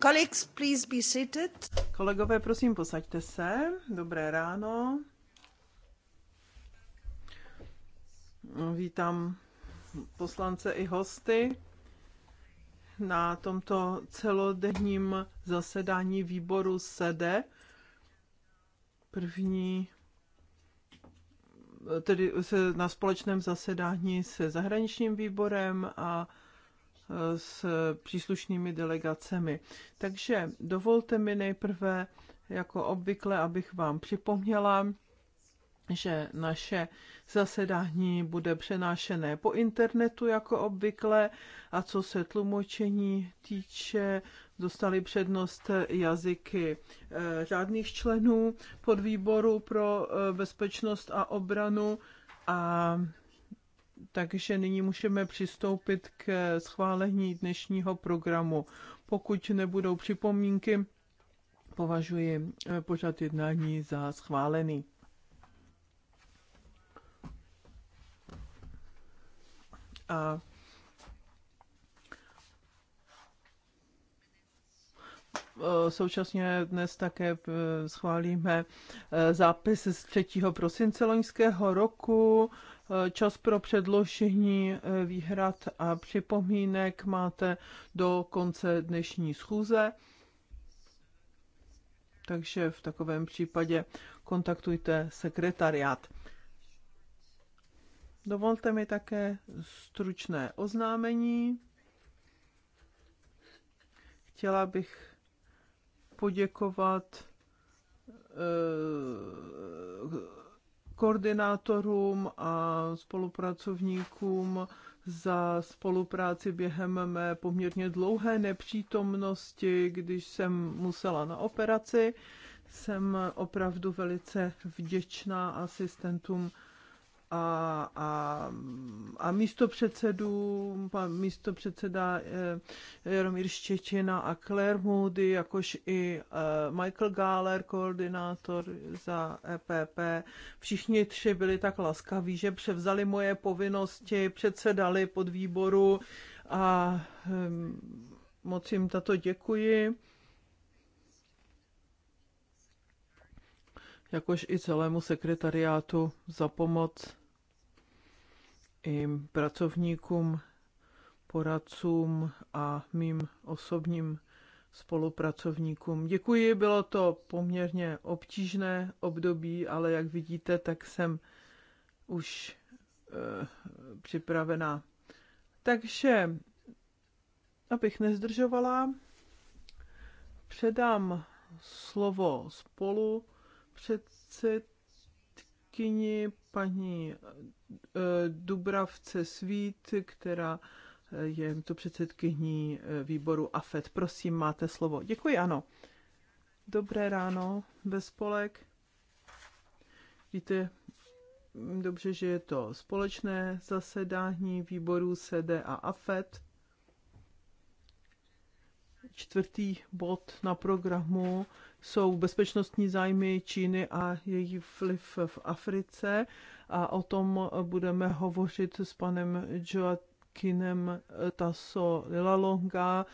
Colleagues, please be seated. Kolegové, prosím, posaďte se. Dobré ráno. Vítám poslance i hosty na tomto celodenním zasedání výboru SEDE. První tedy na společném zasedání se zahraničním výborem a s příslušnými delegacemi. Takže dovolte mi nejprve, jako obvykle, abych vám připomněla, že naše zasedání bude přenášené po internetu jako obvykle a co se tlumočení týče, dostali přednost jazyky eh, řádných členů podvýboru pro eh, bezpečnost a obranu a takže nyní můžeme přistoupit k schválení dnešního programu. Pokud nebudou připomínky, považuji eh, pořad jednání za schválený. A eh, Současně dnes také eh, schválíme zápis z 3. prosince loňského roku. Čas pro předložení eh, výhrad a připomínek máte do konce dnešní schůze. Takže v takovém případě kontaktujte sekretariát. Dovolte mi také stručné oznámení. Chtěla bych poděkovat eh, koordinátorům a spolupracovníkům za spolupráci během mé poměrně dlouhé nepřítomnosti, když jsem musela na operaci. Jsem opravdu velice vděčná asistentům a, a, a místo předsedů, místo předseda eh, Jaromír Štěčina a Claire Moody, jakož i eh, Michael Gáler, koordinátor za EPP. Všichni tři byli tak laskaví, že převzali moje povinnosti, předsedali pod výboru a eh, moc jim tato děkuji. jakož i celému sekretariátu za pomoc i pracovníkům, poradcům a mým osobním spolupracovníkům. Děkuji, bylo to poměrně obtížné období, ale jak vidíte, tak jsem už e, připravená. Takže, abych nezdržovala, předám slovo spolu předsedkyni paní eh, Dubravce Svít, která eh, je to předsedkyní eh, výboru AFET. Prosím, máte slovo. Děkuji, ano. Dobré ráno, bezpolek. Víte, dobře, že je to společné zasedání výboru SEDE a AFET. Čtvrtý bod na programu jsou bezpečnostní zájmy Číny a její vliv v Africe a o tom budeme hovořit s panem Joaquinem Tasso Lilalonga,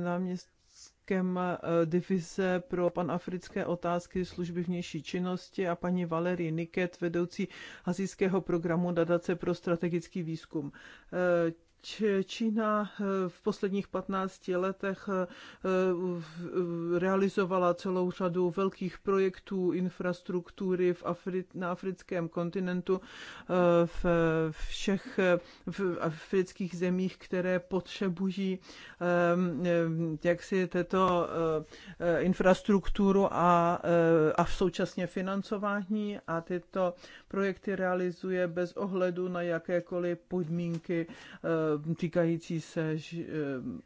eh, náměstkem eh, divize pro panafrické otázky služby vnější činnosti a paní Valerie Niket, vedoucí azijského programu Dadace pro strategický výzkum. Eh, Čína eh, v posledních 15 letech eh, realizovala celou řadu velkých projektů infrastruktury v Afri- na africkém kontinentu eh, v všech v afrických zemích, které potřebují ehm, jaksi této infrastrukturu a, a v současně financování a tyto projekty realizuje bez ohledu na jakékoliv podmínky Eh, týkající se eh,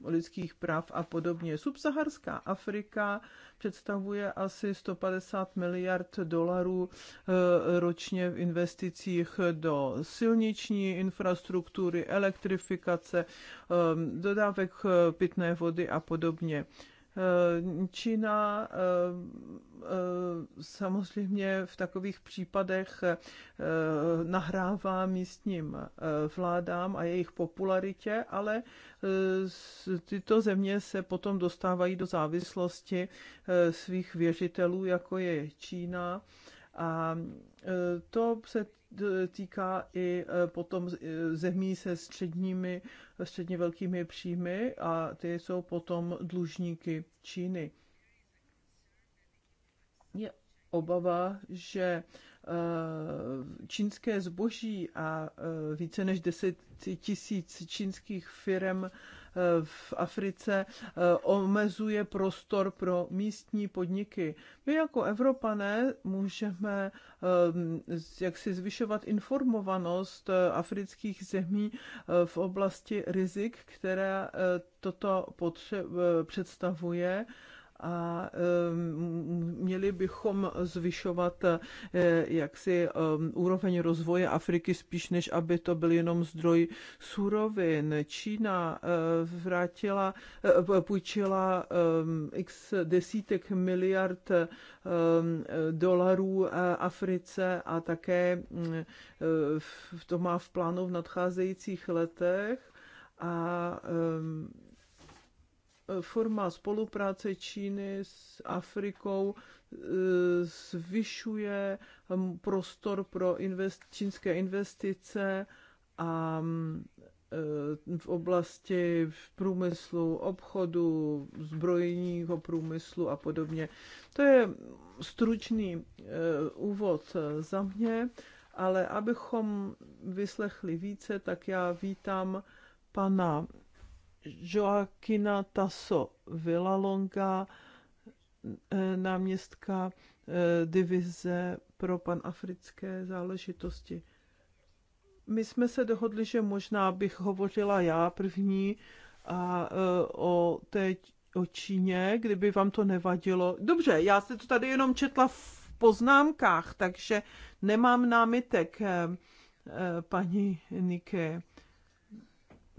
lidských práv a podobně. Subsaharská Afrika představuje asi 150 miliard dolarů eh, ročně v investicích do silniční infrastruktury, elektrifikace, dodávek pitné vody a podobně. Eh, Čína eh, eh, samozřejmě v takových případech nahrává místním vládám a jejich popularitě, ale tyto země se potom dostávají do závislosti svých věřitelů, jako je Čína. A to se týká i e, potom e, zemí se středními, středně velkými příjmy a ty jsou potom dlužníky Číny. Je obava, že e, čínské zboží a více než 10 tisíc čínských firm v Africe eh, omezuje prostor pro místní podniky. My jako Evropané můžeme eh, jak si zvyšovat informovanost eh, afrických zemí v oblasti rizik, které toto představuje a eh, měli bychom zvyšovat eh, jaksi eh, úroveň rozvoje Afriky spíš, než aby to byl jenom zdroj surovin. Čína vrátila, půjčila x desítek miliard dolarů Africe a také to má v plánu v nadcházejících letech a forma spolupráce Číny s Afrikou e, zvyšuje prostor pro invest, čínské investice a e, v oblasti v průmyslu, obchodu, zbrojního průmyslu a podobně. To je stručný e, úvod za mě, ale abychom vyslechli více, tak já vítám pana Joaquina Tasso Villalonga, eh, náměstka eh, divize pro panafrické záležitosti. My jsme se dohodli, že možná bych hovořila já první a eh, o té o Číně, kdyby vám to nevadilo. Dobře, já se to tady jenom četla v poznámkách, takže nemám námitek, paní Nike.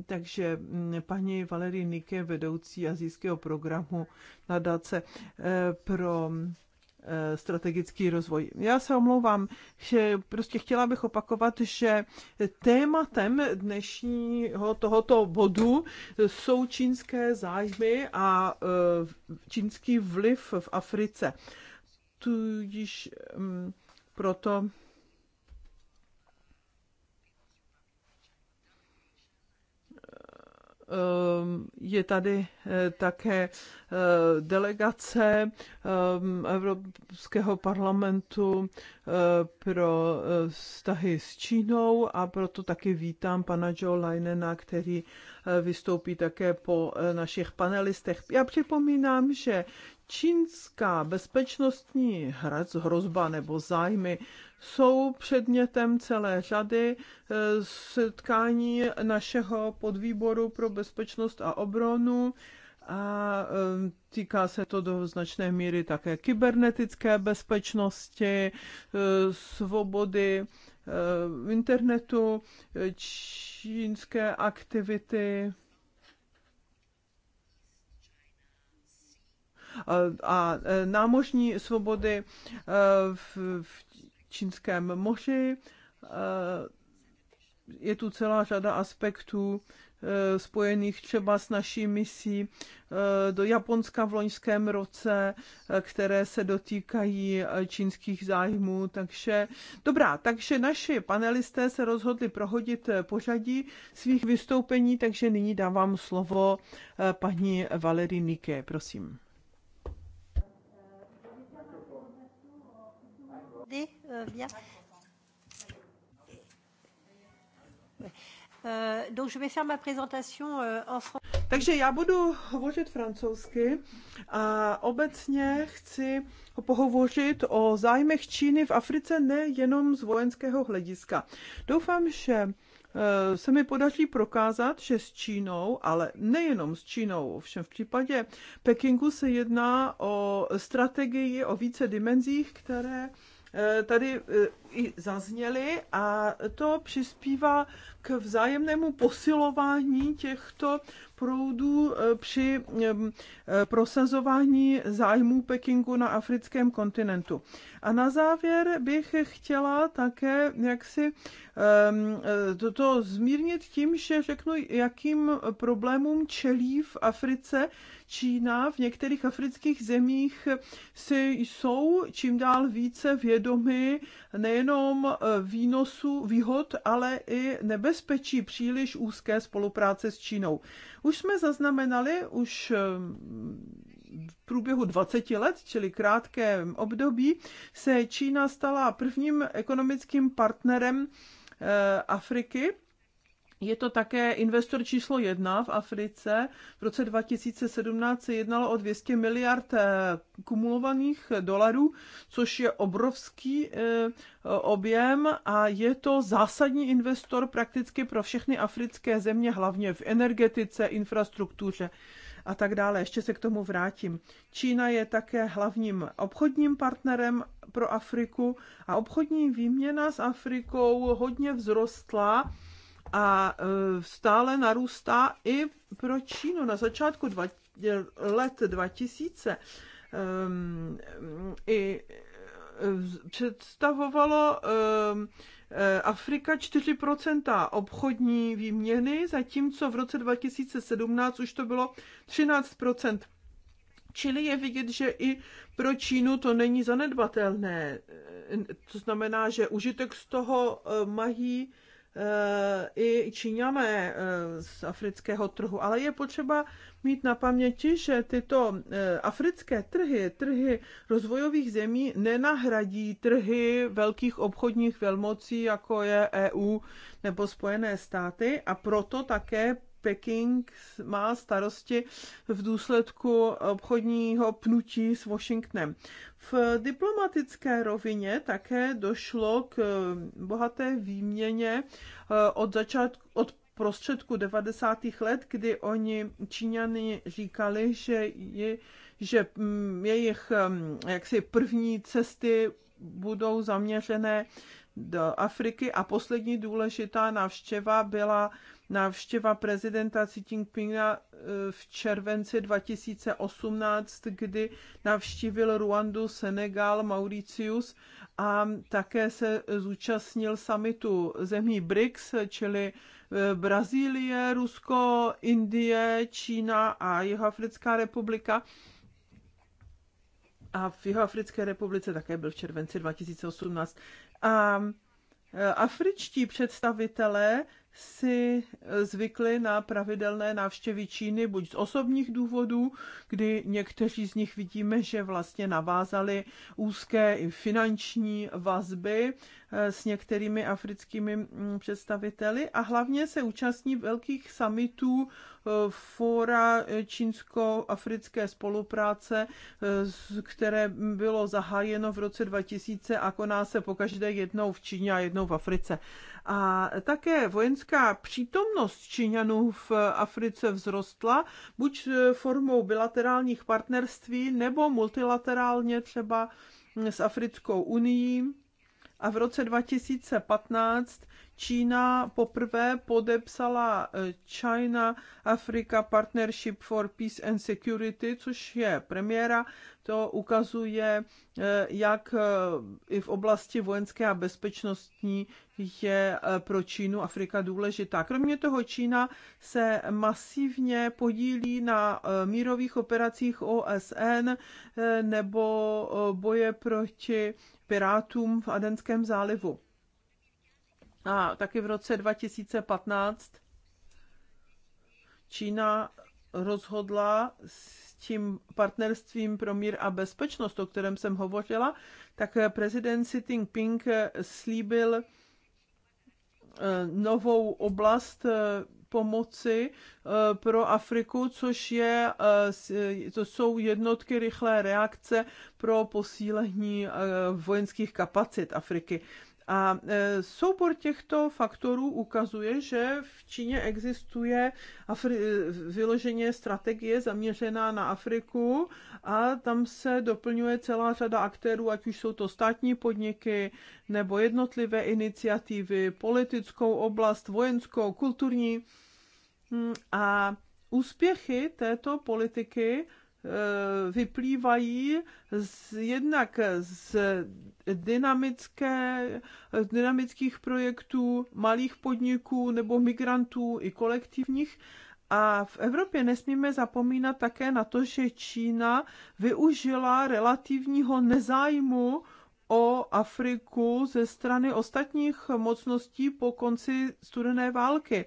Takže mm, paní Valerie Nike, vedoucí azijského programu nadace eh, pro eh, strategický rozvoj. Já se omlouvám, že prostě chtěla bych opakovat, že tématem dnešního tohoto bodu jsou čínské zájmy a eh, čínský vliv v Africe. Tudíž mm, proto Ehm, je tady eh, také eh, delegace ehm, Evropského parlamentu eh, pro vztahy s Čínou a proto taky vítám pana Joe Linena, který vystoupí také po našich panelistech. Já připomínám, že čínská bezpečnostní hrozba nebo zájmy jsou předmětem celé řady eh, setkání našeho podvýboru pro bezpečnost a obronu a eh, týká se to do značné míry také kybernetické bezpečnosti, eh, svobody internetu, čínské aktivity a námořní svobody e, v, v Čínském moři. E, je tu celá řada aspektů e, spojených třeba s naší misí do Japonska v loňském roce, které se dotýkají čínských zájmů. Takže dobrá, takže naši panelisté se rozhodli prohodit pořadí svých vystoupení, takže nyní dávám slovo paní Valerii Nike, prosím. accordé euh, bien. Takže já budu hovořit francouzsky a obecně chci pohovořit o zájmech Číny v Africe nejenom z vojenského hlediska. Doufám, že eh, se mi podaří prokázat, že s Čínou, ale nejenom s Čínou, ovšem v případě Pekingu se jedná o strategii o více dimenzích, které Eh, tady eh, i zazněly a to přispívá k vzájemnému posilování těchto proudů eh, při eh, prosazování zájmů Pekingu na africkém kontinentu. A na závěr bych chtěla také jaksi eh, toto zmírnit tím, že řeknu, jakým problémům čelí v Africe Čína. V některých afrických zemích si jsou čím dál více vědomy nejen jenom eh, výnosu výhod, ale i nebezpečí příliš úzké spolupráce s Čínou. Už jsme zaznamenali, už eh, v průběhu 20 let, čili krátké období, se Čína stala prvním ekonomickým partnerem eh, Afriky je to také investor číslo jedna v Africe. V roce 2017 se jednalo o 200 miliard eh, kumulovaných dolarů, což je obrovský eh, objem a je to zásadní investor prakticky pro všechny africké země, hlavně v energetice, infrastruktuře a tak dále. Ještě se k tomu vrátím. Čína je také hlavním obchodním partnerem pro Afriku a obchodní výměna s Afrikou hodně vzrostla a e, stále narůstá i pro Čínu. Na začátku dva, e, let 2000 um, i e, představovalo um, Afrika 4% obchodní výměny, zatímco v roce 2017 už to bylo 13%. Čili je vidět, že i pro Čínu to není zanedbatelné. To znamená, že užitek z toho mají Eh, i Číňané eh, z afrického trhu, ale je potřeba mít na paměti, že tyto eh, africké trhy, trhy rozvojových zemí nenahradí trhy velkých obchodních velmocí, jako je EU nebo Spojené státy a proto také Peking má starosti v důsledku obchodního pnutí s Washingtonem. V diplomatické rovině také došlo k bohaté výměně eh, od začátku, od prostředku 90. let, kdy oni Číňany říkali, že, je, že mm, jejich mm, jaksi první cesty budou zaměřené do Afriky a poslední důležitá návštěva byla návštěva prezidenta Xi Jinpinga eh, v červenci 2018, kdy navštívil Ruandu, Senegal, Mauricius a také se zúčastnil samitu zemí BRICS, čili eh, Brazílie, Rusko, Indie, Čína a Jihoafrická republika. A v Jihoafrické republice také byl v červenci 2018. A eh, afričtí představitelé si eh, zvykli na pravidelné návštěvy Číny, buď z osobních důvodů, kdy někteří z nich vidíme, že vlastně navázali úzké i finanční vazby s některými africkými mm, představiteli a hlavně se účastní velkých summitů eh, fóra eh, čínsko-africké spolupráce, eh, které bylo zahájeno v roce 2000 a koná se pokaždé jednou v Číně a jednou v Africe. A také vojenská přítomnost Číňanů v Africe vzrostla, buď formou bilaterálních partnerství nebo multilaterálně třeba mm, s Africkou unii a v roce 2015 Čína poprvé podepsala eh, China Africa Partnership for Peace and Security, což je premiéra. To ukazuje, eh, jak eh, i v oblasti vojenské a bezpečnostní je pro Čínu Afrika důležitá. Kromě toho Čína se masivně podílí na mírových operacích OSN nebo boje proti pirátům v Adenském zálivu. A taky v roce 2015 Čína rozhodla s tím partnerstvím pro mír a bezpečnost, o kterém jsem hovořila, tak prezident Xi Jinping slíbil eh, novou oblast eh, pomoci eh, pro Afriku, což je, eh, to jsou jednotky rychlé reakce pro posílení eh, vojenských kapacit Afriky. A e, soubor těchto faktorů ukazuje, že v Číně existuje Afri- vyloženě strategie zaměřená na Afriku a tam se doplňuje celá řada aktérů, ať už jsou to státní podniky nebo jednotlivé iniciativy, politickou oblast, vojenskou, kulturní. Hmm, a úspěchy této politiky Eh, vyplývají z, jednak z dynamické, dynamických projektů malých podniků nebo migrantů i kolektivních. A v Evropě nesmíme zapomínat také na to, že Čína využila relativního nezájmu o Afriku ze strany ostatních mocností po konci studené války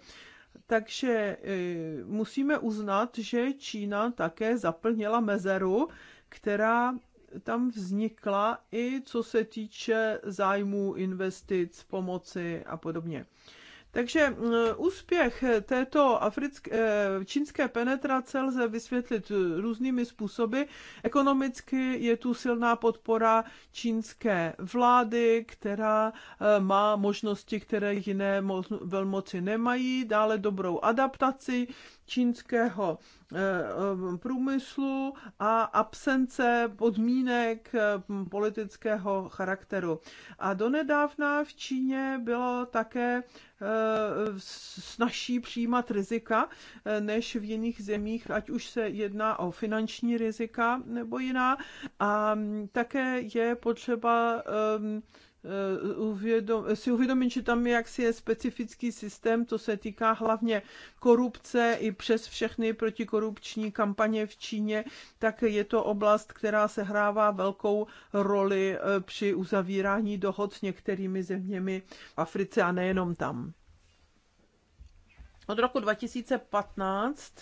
takže eh, musíme uznat, že Čína také zaplnila mezeru, která tam vznikla i co se týče zájmů, investic, pomoci a podobně. Takže eh, úspěch této africké, eh, čínské penetrace lze vysvětlit eh, různými způsoby. Ekonomicky je tu silná podpora čínské vlády, která má možnosti, které jiné velmoci nemají, dále dobrou adaptaci čínského eh, eh, průmyslu a absence podmínek eh, politického charakteru. A donedávna v Číně bylo také snaží přijímat rizika než v jiných zemích, ať už se jedná o finanční rizika nebo jiná. A mm, také je potřeba Eh, uvědom, si uvědomit, že tam jaksi je specifický systém, to se týká hlavně korupce i přes všechny protikorupční kampaně v Číně, tak je to oblast, která se hrává velkou roli eh, při uzavírání dohod s některými zeměmi v Africe a nejenom tam. Od roku 2015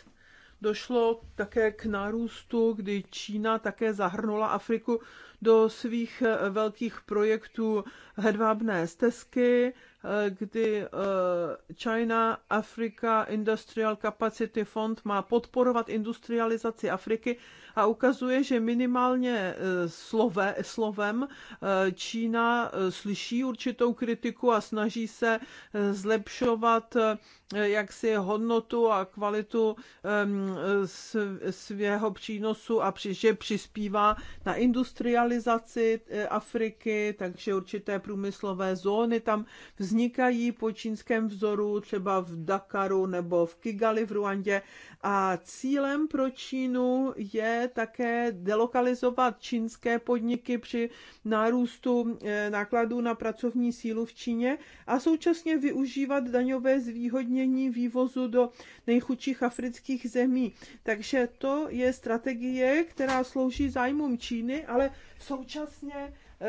došlo také k nárůstu, kdy Čína také zahrnula Afriku do svých eh, velkých projektů hedvábné stezky, eh, kdy eh, China Africa Industrial Capacity Fund má podporovat industrializaci Afriky a ukazuje, že minimálně slove, slovem Čína slyší určitou kritiku a snaží se zlepšovat jaksi hodnotu a kvalitu ehm, svého přínosu a že přispívá na industrializaci industrializaci e, Afriky, takže určité průmyslové zóny tam vznikají po čínském vzoru, třeba v Dakaru nebo v Kigali v Ruandě. A cílem pro Čínu je také delokalizovat čínské podniky při nárůstu e, nákladů na pracovní sílu v Číně a současně využívat daňové zvýhodnění vývozu do nejchudších afrických zemí. Takže to je strategie, která slouží zájmům Číny, ale Současně eh,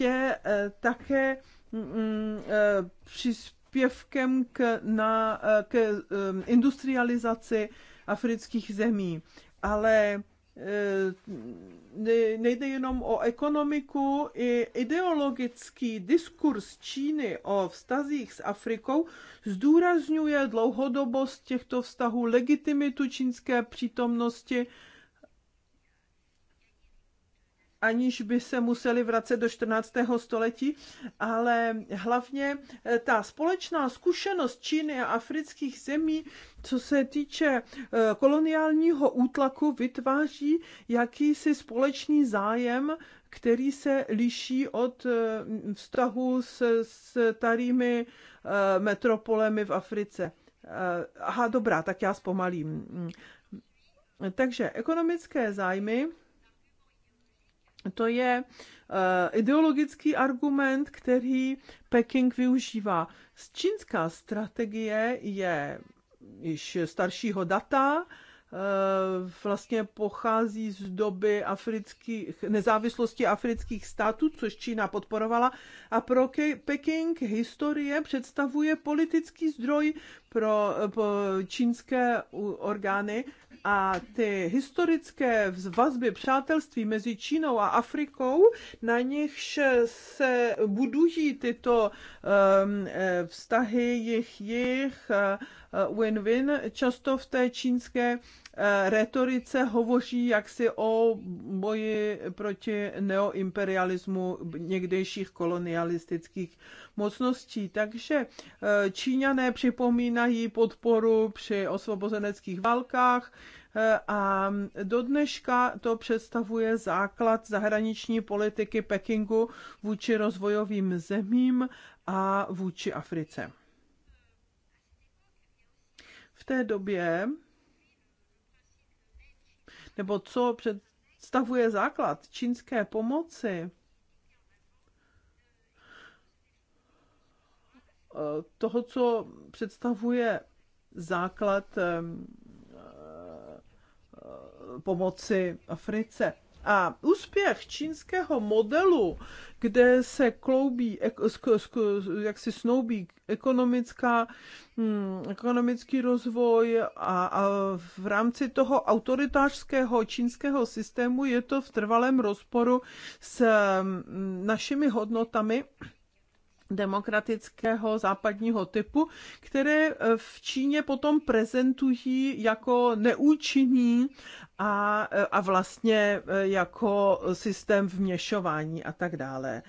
je eh, také mm, eh, příspěvkem k, na, k industrializaci afrických zemí. Ale nejde jenom o ekonomiku, i ideologický diskurs Číny o vztazích s Afrikou zdůrazňuje dlouhodobost těchto vztahů, legitimitu čínské přítomnosti aniž by se museli vracet do 14. století, ale hlavně eh, ta společná zkušenost Číny a afrických zemí, co se týče eh, koloniálního útlaku, vytváří jakýsi společný zájem, který se liší od eh, vztahu s starými metropolemi v Africe. Aha, dobrá, tak já zpomalím. Mm. Takže ekonomické zájmy to je eh, ideologický argument, který Peking využívá. Čínská strategie je již staršího data, eh, vlastně pochází z doby afrických, nezávislosti afrických států, což Čína podporovala. A pro Peking historie představuje politický zdroj pro, eh, pro čínské orgány, a ty historické vazby přátelství mezi Čínou a Afrikou, na nichž se budují tyto um, vztahy jich jich Eh, win-win. Často v té čínské eh, retorice hovoří jaksi o boji proti neoimperialismu někdejších kolonialistických mocností. Takže eh, Číňané připomínají podporu při osvobozeneckých válkách, a do dneška to představuje základ zahraniční politiky Pekingu vůči rozvojovým zemím a vůči Africe v té době, nebo co představuje základ čínské pomoci, eh, toho, co představuje základ eh, eh, pomoci Africe. A úspěch čínského modelu, kde se kloubí, jak si snoubí ekonomická, hm, ekonomický rozvoj a, a v rámci toho autoritářského čínského systému je to v trvalém rozporu s hm, našimi hodnotami demokratického západního typu, které eh, v Číně potom prezentují jako neúčinný a, eh, a vlastně eh, jako systém vměšování a tak dále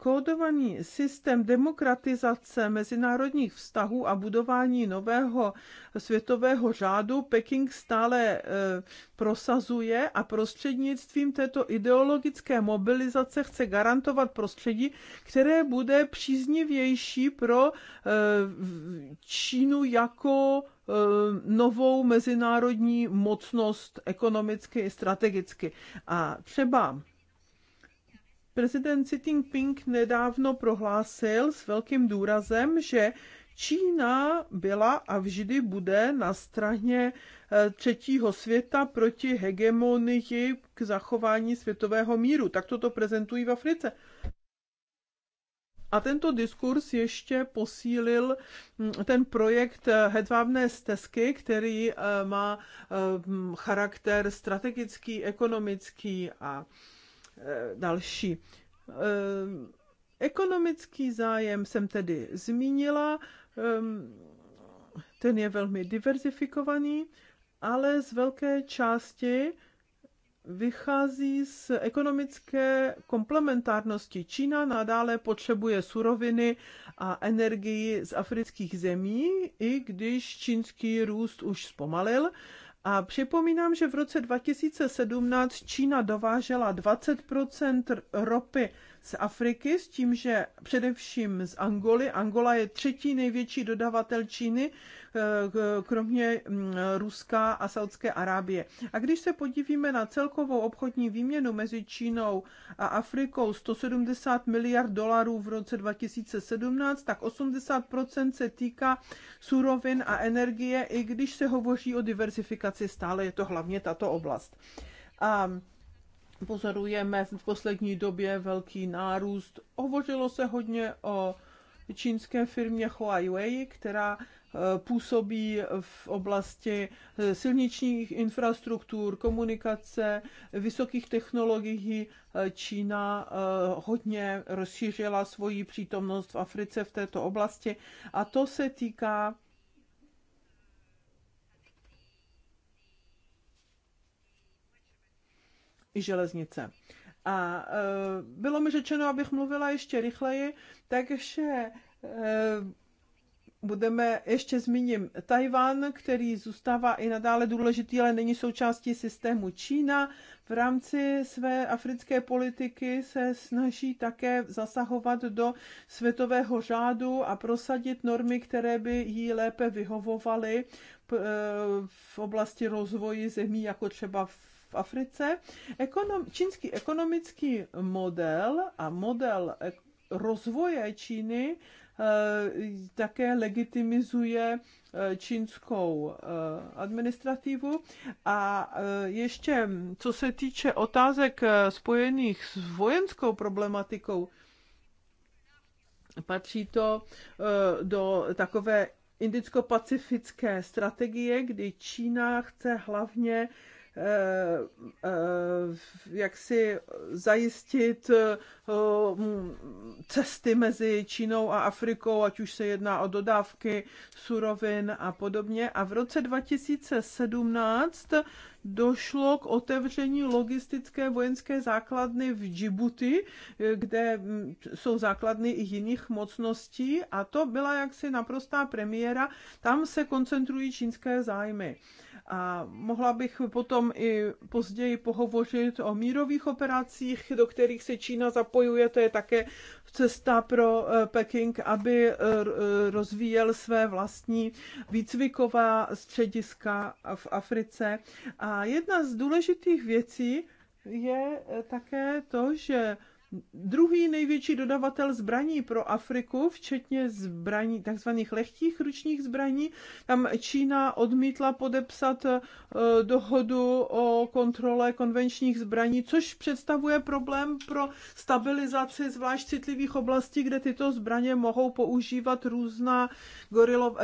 kódovaný systém demokratizace mezinárodních vztahů a budování nového světového řádu Peking stále e, prosazuje a prostřednictvím této ideologické mobilizace chce garantovat prostředí, které bude příznivější pro e, Čínu jako e, novou mezinárodní mocnost ekonomicky i strategicky. A třeba Prezident Xi Jinping nedávno prohlásil s velkým důrazem, že Čína byla a vždy bude na straně eh, třetího světa proti hegemonii k zachování světového míru. Tak toto prezentují v Africe. A tento diskurs ještě posílil hm, ten projekt eh, hedvábné stezky, který eh, má hm, charakter strategický, ekonomický a Eh, další. Eh, ekonomický zájem jsem tedy zmínila, eh, ten je velmi diverzifikovaný, ale z velké části vychází z ekonomické komplementárnosti. Čína nadále potřebuje suroviny a energii z afrických zemí, i když čínský růst už zpomalil a připomínám, že v roce 2017 Čína dovážela 20 ropy z Afriky s tím, že především z Angoly. Angola je třetí největší dodavatel Číny, eh, kromě mm, Ruska a Saudské Arábie. A když se podívíme na celkovou obchodní výměnu mezi Čínou a Afrikou 170 miliard dolarů v roce 2017, tak 80% se týká surovin a energie, i když se hovoří o diversifikaci, stále je to hlavně tato oblast. A pozorujeme v poslední době velký nárůst. Hovořilo se hodně o čínské firmě Huawei, která eh, působí v oblasti eh, silničních infrastruktur, komunikace, vysokých technologií. Eh, Čína hodně rozšířila svoji přítomnost v Africe v této oblasti a to se týká i železnice. A e, bylo mi řečeno, abych mluvila ještě rychleji, takže e, budeme, ještě zmíním Tajvan, který zůstává i nadále důležitý, ale není součástí systému Čína. V rámci své africké politiky se snaží také zasahovat do světového řádu a prosadit normy, které by jí lépe vyhovovaly eh, v oblasti rozvoji zemí, jako třeba v v Africe. Ekonom, čínský ekonomický model a model rozvoje Číny eh, také legitimizuje eh, čínskou eh, administrativu. A ještě co se týče otázek spojených s vojenskou problematikou, patří to do takové indicko-pacifické strategie, kdy Čína chce hlavně Eh, eh, jak si zajistit eh, cesty mezi Čínou a Afrikou, ať už se jedná o dodávky surovin a podobně. A v roce 2017 došlo k otevření logistické vojenské základny v Džibuti, kde mm, jsou základny i jiných mocností a to byla jaksi naprostá premiéra. Tam se koncentrují čínské zájmy. A mohla bych potom i později pohovořit o mírových operacích, do kterých se Čína zapojuje. To je také cesta pro eh, Peking, aby eh, eh, rozvíjel své vlastní výcviková střediska v Africe. A jedna z důležitých věcí je také to, že druhý největší dodavatel zbraní pro Afriku, včetně zbraní, takzvaných lehkých ručních zbraní. Tam Čína odmítla podepsat eh, dohodu o kontrole konvenčních zbraní, což představuje problém pro stabilizaci zvlášť citlivých oblastí, kde tyto zbraně mohou používat různá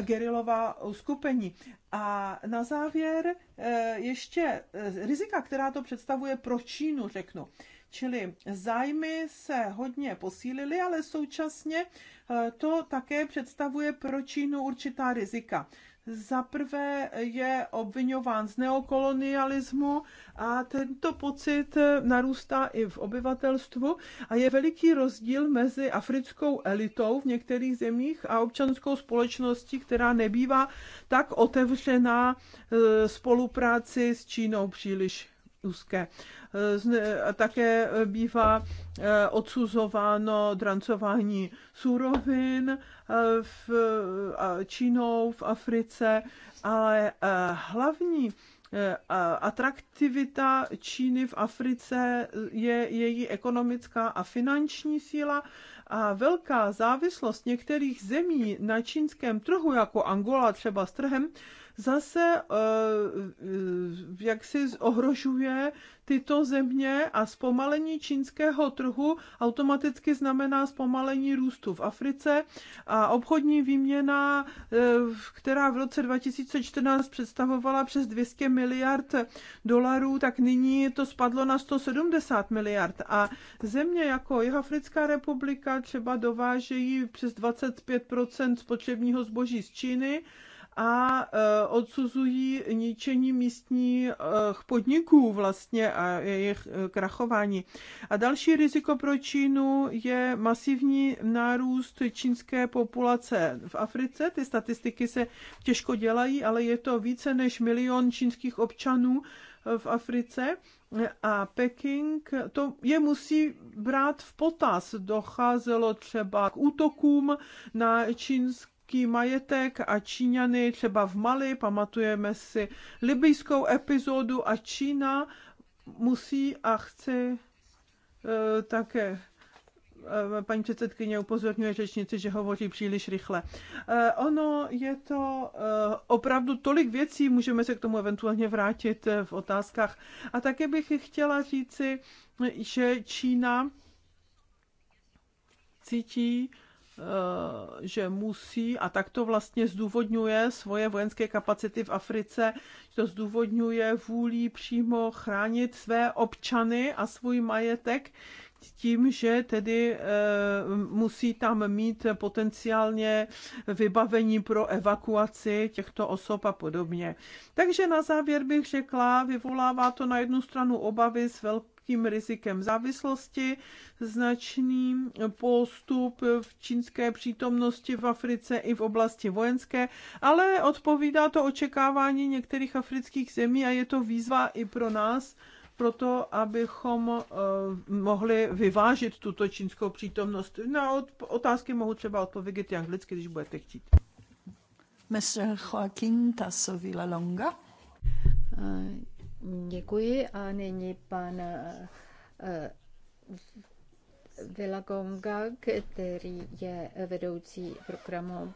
gerilová uskupení. A na závěr eh, ještě eh, rizika, která to představuje pro Čínu, řeknu. Čili zájmy se hodně posílily, ale současně eh, to také představuje pro Čínu určitá rizika. Za prvé je obvinován z neokolonialismu a tento pocit eh, narůstá i v obyvatelstvu a je veliký rozdíl mezi africkou elitou v některých zemích a občanskou společností, která nebývá tak otevřená eh, spolupráci s Čínou příliš úzké. Eh, také eh, bývá eh, odsuzováno drancování surovin v Čínou, v Africe, ale hlavní atraktivita Číny v Africe je její ekonomická a finanční síla a velká závislost některých zemí na čínském trhu, jako Angola třeba s trhem, zase eh, jak si ohrožuje tyto země a zpomalení čínského trhu automaticky znamená zpomalení růstu v Africe a obchodní výměna, eh, která v roce 2014 představovala přes 200 miliard dolarů, tak nyní to spadlo na 170 miliard a země jako Jihoafrická republika třeba dovážejí přes 25 spotřebního zboží z Číny, a e, odsuzují ničení místních e, podniků vlastně a jejich e, krachování. A další riziko pro Čínu je masivní nárůst čínské populace v Africe. Ty statistiky se těžko dělají, ale je to více než milion čínských občanů v Africe a Peking to je musí brát v potaz. Docházelo třeba k útokům na čínské obrovský majetek a Číňany třeba v Mali, pamatujeme si libijskou epizodu a Čína musí a chce e, také eh, paní předsedkyně upozorňuje řečnici, že hovoří příliš rychle. Eh, ono je to opravdu tolik věcí, můžeme se k tomu eventuálně vrátit v otázkách. A také bych chtěla říci, že Čína cítí Eh, že musí, a tak to vlastně zdůvodňuje svoje vojenské kapacity v Africe, to zdůvodňuje vůlí přímo chránit své občany a svůj majetek tím, že tedy eh, musí tam mít potenciálně vybavení pro evakuaci těchto osob a podobně. Takže na závěr bych řekla, vyvolává to na jednu stranu obavy z velkého tím rizikem závislosti, značný postup v čínské přítomnosti v Africe i v oblasti vojenské, ale odpovídá to očekávání některých afrických zemí a je to výzva i pro nás, proto abychom eh, mohli vyvážit tuto čínskou přítomnost. Na otázky mohu třeba odpovědět anglicky, když budete chtít. Mr. Joaquín Tasso Villalonga. Eh, Děkuji a nyní pan eh, eh, Vilagonga, který je vedoucí programu.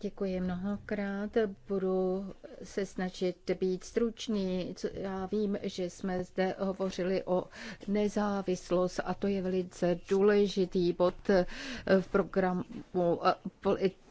Děkuji mnohokrát. Budu se snažit být stručný. Já vím, že jsme zde hovořili o nezávislost a to je velice důležitý bod eh, v programu politiky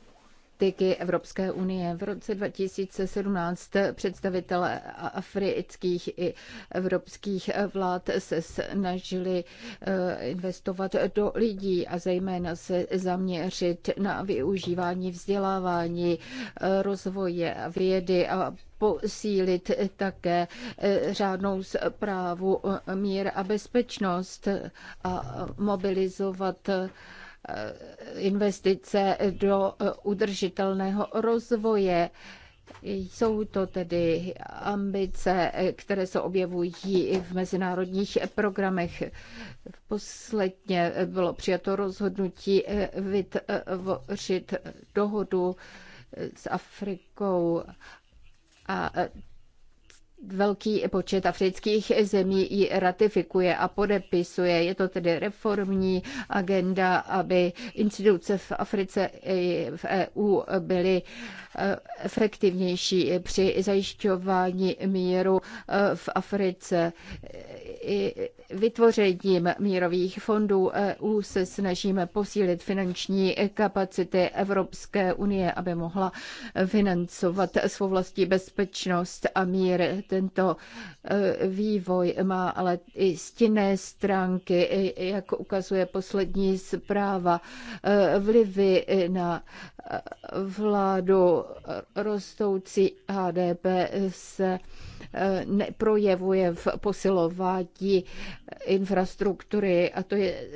politiky Evropské unie. V roce 2017 představitelé afrických i evropských vlád se snažili eh, investovat do lidí a zejména se zaměřit na využívání vzdělávání, eh, rozvoje vědy a posílit také eh, řádnou zprávu mír a bezpečnost a mobilizovat investice do udržitelného rozvoje. Jsou to tedy ambice, které se objevují v mezinárodních programech. Posledně bylo přijato rozhodnutí vytvořit dohodu s Afrikou a velký počet afrických zemí ji ratifikuje a podepisuje. Je to tedy reformní agenda, aby instituce v Africe i v EU byly eh, efektivnější při zajišťování míru eh, v Africe. I vytvořením mírových fondů EU se snažíme posílit finanční kapacity Evropské unie, aby mohla financovat svou vlastní bezpečnost a mír tento eh, vývoj má ale i stinné stránky, jak ukazuje poslední zpráva, eh, vlivy na eh, vládu rostoucí HDP se neprojevuje v posilování infrastruktury a to je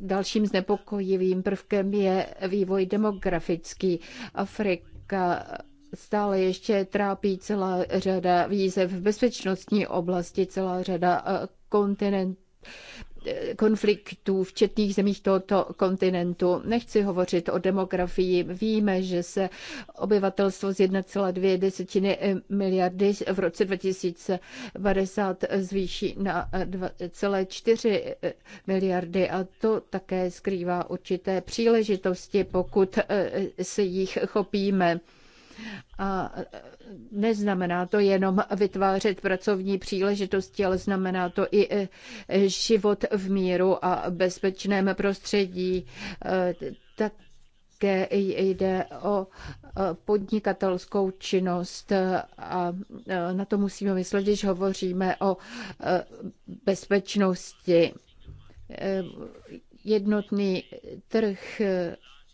dalším znepokojivým prvkem je vývoj demografický. Afrika stále ještě trápí celá řada výzev v bezpečnostní oblasti, celá řada eh, kontinent, eh, konfliktů v četných zemích tohoto kontinentu. Nechci hovořit o demografii. Víme, že se obyvatelstvo z 1,2 eh, miliardy v roce 2050 zvýší na 2,4 miliardy a to také skrývá určité příležitosti, pokud se jich chopíme. A e, neznamená to jenom vytvářet pracovní příležitosti, ale znamená to i e, život v míru a bezpečném prostředí. Tak e, také jde o podnikatelskou činnost a na to musíme myslet, když hovoříme o bezpečnosti. Jednotný trh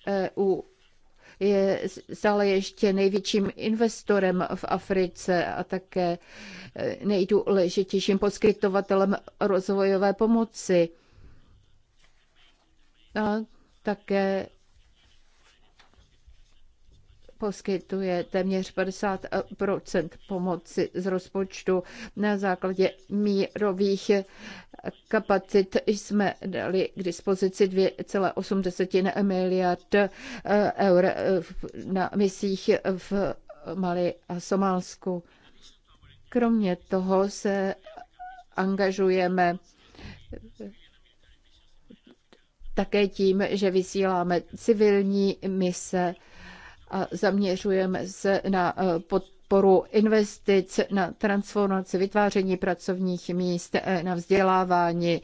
EU je stále ještě největším investorem v Africe a také eh, nejdůležitějším poskytovatelem rozvojové pomoci. A také poskytuje téměř 50 pomoci z rozpočtu na základě mírových kapacit. Jsme dali k dispozici 2,8 miliard eh, eur eh, na misích v Mali a Somálsku. Kromě toho se angažujeme také tím, že vysíláme civilní mise a zaměřujeme se na eh, podporu investic, na transformaci, vytváření pracovních míst, eh, na vzdělávání.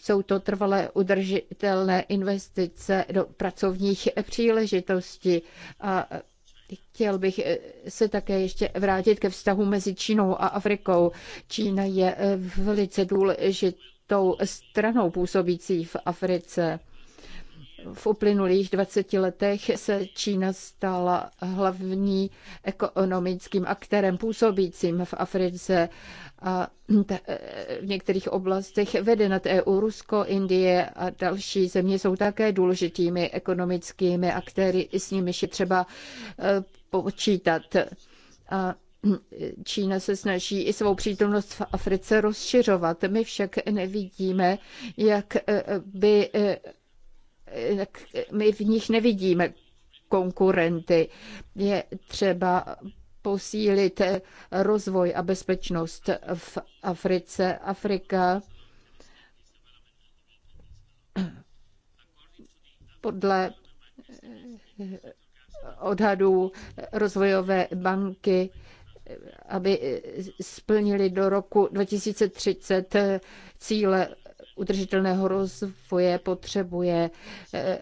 Jsou to trvalé udržitelné investice do pracovních příležitostí a eh, Chtěl bych se také ještě vrátit ke vztahu mezi Čínou a Afrikou. Čína je velice důležitou stranou působící v Africe v uplynulých 20 letech se Čína stala hlavní ekonomickým aktérem působícím v Africe a v některých oblastech vede nad EU Rusko, Indie a další země jsou také důležitými ekonomickými aktéry, s nimiž je třeba e, počítat. A Čína se snaží i svou přítomnost v Africe rozšiřovat. My však nevidíme, jak e, by e, my v nich nevidíme konkurenty. Je třeba posílit rozvoj a bezpečnost v Africe. Afrika podle odhadů rozvojové banky, aby splnili do roku 2030 cíle udržitelného rozvoje potřebuje eh,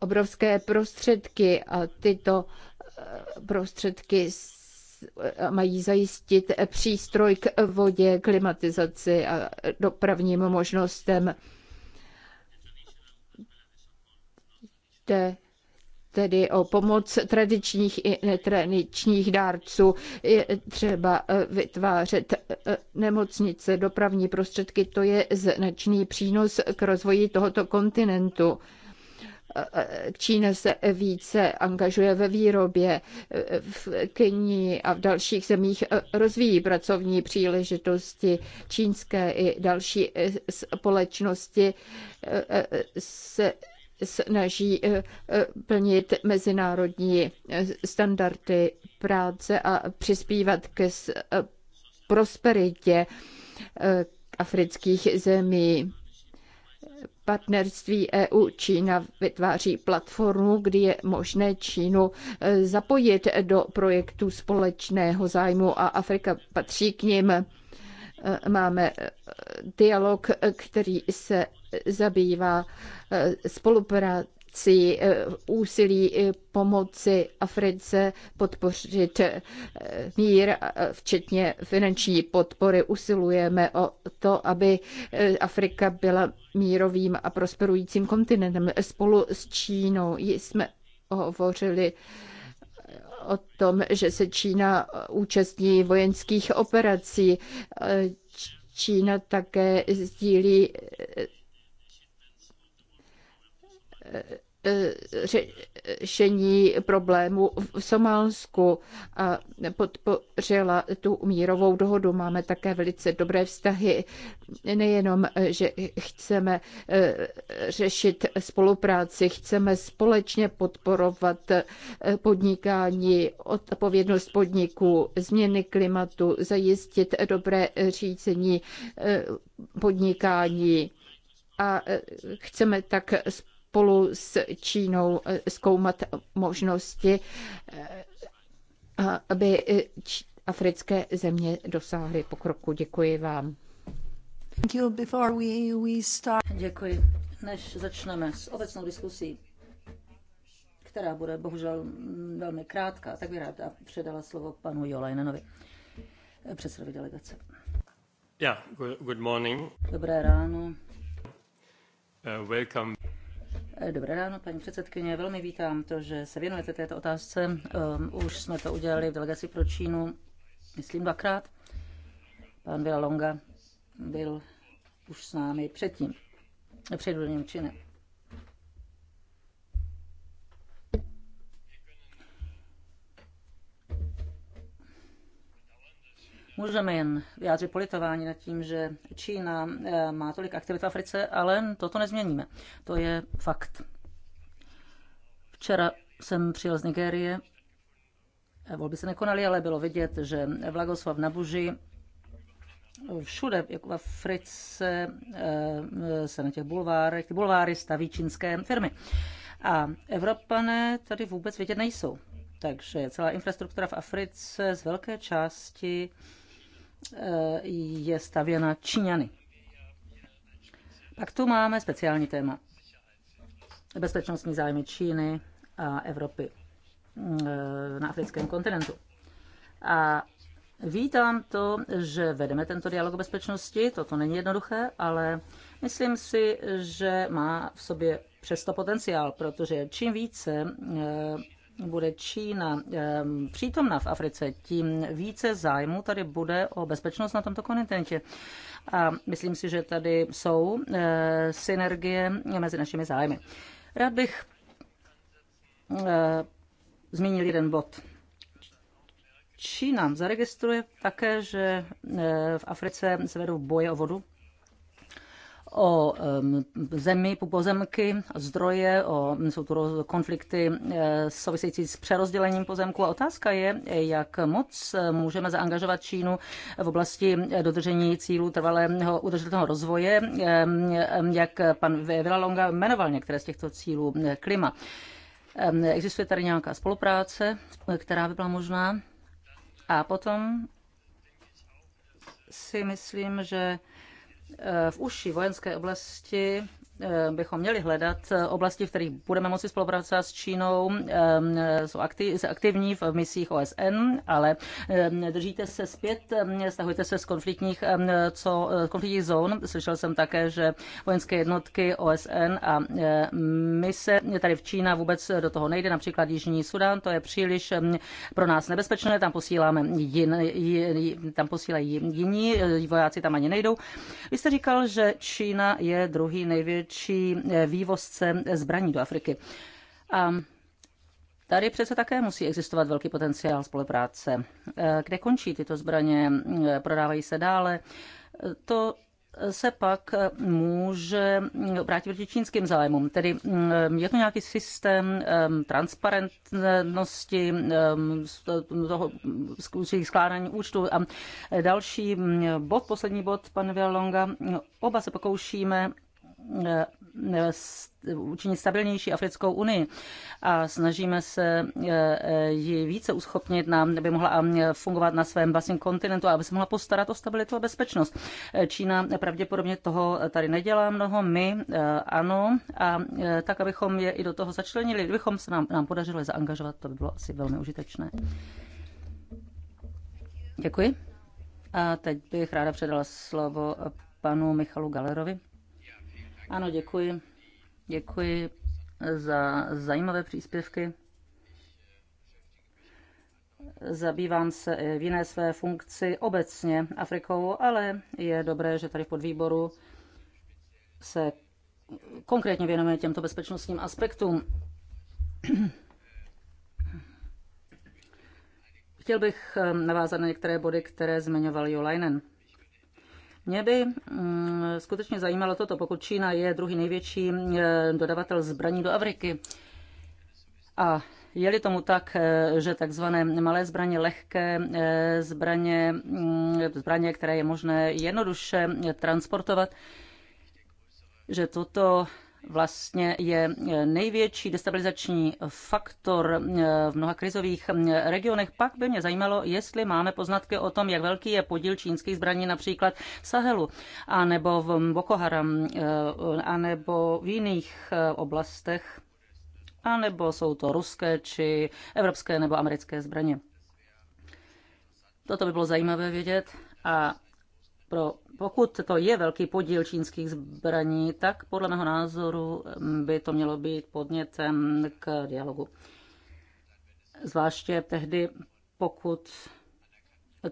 obrovské prostředky a tyto eh, prostředky eh, mají zajistit přístroj k vodě, klimatizaci a dopravním možnostem tedy o pomoc tradičních i netradičních dárců. Je třeba eh, vytvářet eh, nemocnice, dopravní prostředky, to je značný přínos k rozvoji tohoto kontinentu. Eh, Čína se více angažuje ve výrobě, v Kenii a v dalších zemích rozvíjí pracovní příležitosti. Čínské i další společnosti se snaží eh, eh, plnit mezinárodní eh, standardy práce a přispívat k prosperitě afrických zemí. Partnerství EU-Čína vytváří platformu, kdy je možné Čínu zapojit do projektu společného zájmu a Afrika patří k nim. Eh, máme eh, dialog, eh, který se zabývá spolupráci úsilí pomoci Africe podpořit mír, včetně finanční podpory. Usilujeme o to, aby Afrika byla mírovým a prosperujícím kontinentem. Spolu s Čínou jsme hovořili o tom, že se Čína účastní vojenských operací. Čína také sdílí E, řešení problému v Somálsku a podpořila tu mírovou dohodu. Máme také velice dobré vztahy. Nejenom, že chceme e, řešit spolupráci, chceme společně podporovat e, podnikání, odpovědnost podniků, změny klimatu, zajistit dobré řízení podnikání a chceme tak společně spolu s Čínou eh, zkoumat možnosti, eh, aby eh, africké země dosáhly pokroku. Děkuji vám. Děkuji. Než začneme s obecnou diskusí, která bude bohužel mm, velmi krátká, tak bych ráda předala slovo panu Jolajnenovi, předsedovi delegace. Yeah, good morning. Dobré ráno. Uh, welcome Dobré ráno, paní předsedkyně. Velmi vítám to, že se věnujete této otázce. Ehm, už jsme to udělali v delegaci pro Čínu, myslím, dvakrát. Pan Vila Longa byl už s námi předtím, před Činem. Můžeme jen vyjádřit politování nad tím, že Čína eh, má tolik aktivit v Africe, ale toto nezměníme. To je fakt. Včera jsem přijel z Nigérie. Eh, volby se nekonaly, ale bylo vidět, že Vlagoslav Lagosu Nabuži eh, všude, jako v Africe, se na těch bulvárech, ty bulváry staví čínské firmy. A Evropané tady vůbec vidět nejsou. Takže celá infrastruktura v Africe z velké části je stavěna Číňany. Pak tu máme speciální téma. Bezpečnostní zájmy Číny a Evropy mm, na africkém kontinentu. A vítám to, že vedeme tento dialog o bezpečnosti. Toto není jednoduché, ale myslím si, že má v sobě přesto potenciál, protože čím více eh, bude Čína přítomna v Africe, tím více zájmu tady bude o bezpečnost na tomto kontinentě. A myslím si, že tady jsou eh, synergie mezi našimi zájmy. Rád bych eh, zmínil jeden bod. Čína zaregistruje také, že eh, v Africe se vedou boje o vodu o zemi, pozemky, zdroje, o, jsou tu konflikty eh, související s přerozdělením pozemku a otázka je, jak moc eh, můžeme zaangažovat Čínu v oblasti eh, dodržení cílů trvalého udržitelného rozvoje, jak pan Longa jmenoval některé z těchto cílů klima. Existuje tady nějaká spolupráce, která by byla možná? A potom si myslím, že Eh, v užší vojenské oblasti Eh, bychom měli hledat eh, oblasti, v kterých budeme moci spolupracovat s Čínou, ehm, eh, jsou aktivní v misích OSN, ale ehm, držíte se zpět, ehm, stahujete se z konfliktních, co, konfliktních zón. Slyšel jsem také, že vojenské jednotky OSN a mise tady v Čína vůbec do toho nejde, například Jižní Sudan to je příliš pro nás nebezpečné, tam posíláme jin, jin, tam posílají jiní, vojáci tam ani nejdou. Vy jste říkal, že Čína je druhý největší největší eh, vývozce zbraní do Afriky. A Tady přece také musí existovat velký potenciál spolupráce. Eh, kde končí tyto zbraně? Eh, prodávají se dále? To se pak může vrátit mm, proti čínským zájmům. Tedy mm, je to nějaký systém ehm, transparentnosti, ehm, toho skládání účtu a další mm, bod, poslední bod, pan Vialonga. oba se pokoušíme E, e, učinit stabilnější Africkou unii a snažíme se e, ji více uschopnit, na, aby mohla fungovat na svém vlastním kontinentu a aby se mohla postarat o stabilitu a bezpečnost. Čína pravděpodobně toho tady nedělá mnoho, my ano, a tak, abychom je i do toho začlenili, kdybychom se nám, nám podařilo zaangažovat, to by bylo asi velmi užitečné. Děkuji. A teď bych ráda předala slovo panu Michalu Galerovi. Ano, děkuji. Děkuji za zajímavé příspěvky. Zabývám se v jiné své funkci obecně Afrikou, ale je dobré, že tady v podvýboru se konkrétně věnujeme těmto bezpečnostním aspektům. Chtěl bych eh, navázat na některé body, které zmiňoval Jolainen. Mě by mm, skutečně zajímalo toto, pokud Čína je druhý největší eh, dodavatel zbraní do Afriky. A je-li tomu tak, eh, že takzvané malé zbraně, lehké eh, zbraně, mm, zbraně, které je možné jednoduše transportovat, že toto vlastně je eh, největší destabilizační faktor eh, v mnoha krizových eh, regionech. Pak by mě zajímalo, jestli máme poznatky o tom, jak velký je podíl čínských zbraní například v Sahelu, anebo v Boko Haram, anebo v jiných oblastech, anebo jsou to ruské či evropské nebo americké zbraně. Toto by bylo zajímavé vědět. A pro, pokud to je velký podíl čínských zbraní, tak podle mého názoru mm, by to mělo být podnětem k dialogu. Zvláště tehdy, pokud